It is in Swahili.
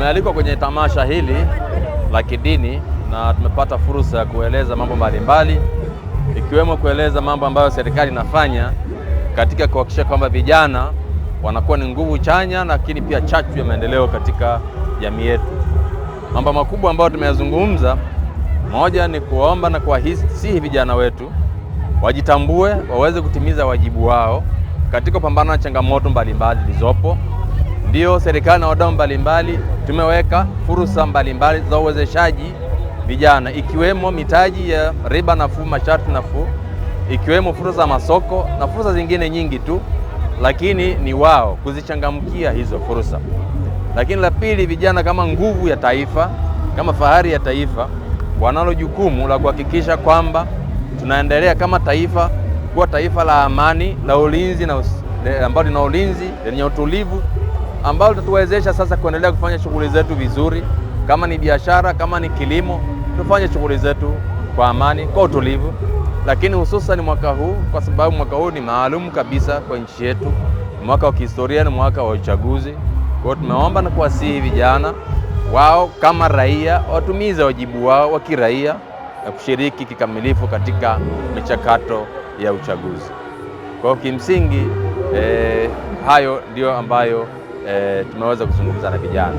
Tumealikwa kwenye tamasha hili la kidini na tumepata fursa ya kueleza mambo mbalimbali ikiwemo kueleza mambo ambayo serikali inafanya katika kuhakikisha kwamba vijana wanakuwa ni nguvu chanya, lakini pia chachu ya maendeleo katika jamii yetu. Mambo makubwa ambayo tumeyazungumza, moja ni kuwaomba na kuwasihi vijana wetu wajitambue, waweze kutimiza wajibu wao katika kupambana na changamoto mbalimbali zilizopo mbali ndio serikali na wadau mbalimbali tumeweka fursa mbalimbali za uwezeshaji vijana, ikiwemo mitaji ya riba nafuu, masharti nafuu, ikiwemo fursa za masoko na fursa zingine nyingi tu, lakini ni wao kuzichangamkia hizo fursa. Lakini la pili, vijana kama nguvu ya taifa, kama fahari ya taifa, wanalo jukumu la kuhakikisha kwamba tunaendelea kama taifa kuwa taifa la amani, la ulinzi na ambalo lina ulinzi lenye utulivu ambalo litatuwezesha sasa kuendelea kufanya shughuli zetu vizuri, kama ni biashara, kama ni kilimo, tufanye shughuli zetu kwa amani, kwa utulivu, lakini hususan mwaka huu, kwa sababu mwaka huu ni maalum kabisa kwa nchi yetu, mwaka wa kihistoria, ni mwaka wa uchaguzi. Kwa hiyo tumeomba na kuwasihi vijana wao kama raia watumize wajibu wao wa kiraia na kushiriki kikamilifu katika michakato ya uchaguzi. Kwa hiyo kimsingi, eh, hayo ndiyo ambayo e, tumeweza kuzungumza na vijana